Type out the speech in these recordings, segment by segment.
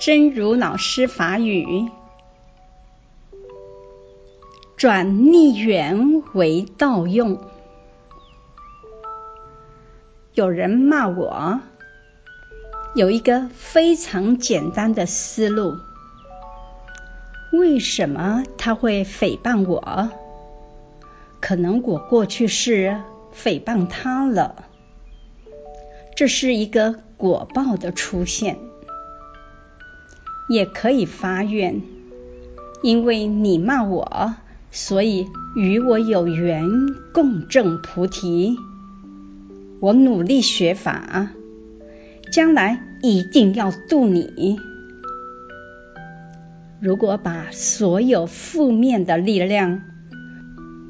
真如老師法語，轉逆緣為道用。有人罵我，有一個非常簡單的思路：為什麼他會誹謗我？可能我過去世誹謗他了，這是一個果報的出現。也可以發願，因為你罵我，所以與我有緣，共證菩提。我努力學法，將來一定要度你。如果把所有負面的力量，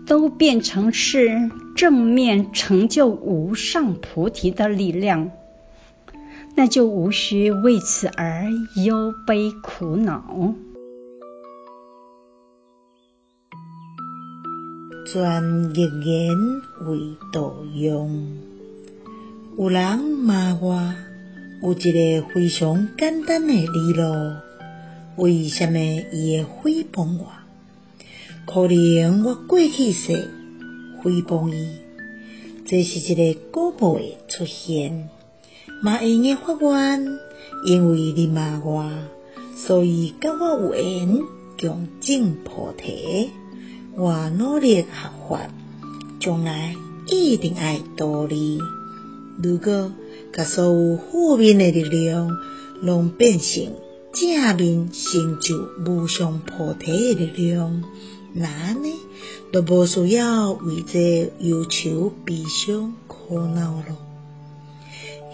都變成是正面，成就無上菩提的力量。那就無需為此而憂悲苦惱。轉逆緣為道用，有人罵我，有一個非常簡單的理由，為什麼伊會誹謗我？可能我過去世誹謗伊，這是一個果報的出現。嘛會用咧發願，因為你罵我，所以甲我有緣，共證菩提，我努力學法，將來一定愛度你。如果甲所有負面的力量，攏變成正面，成就無上菩提的力量，那呢，就無需要為這憂愁悲傷苦惱了。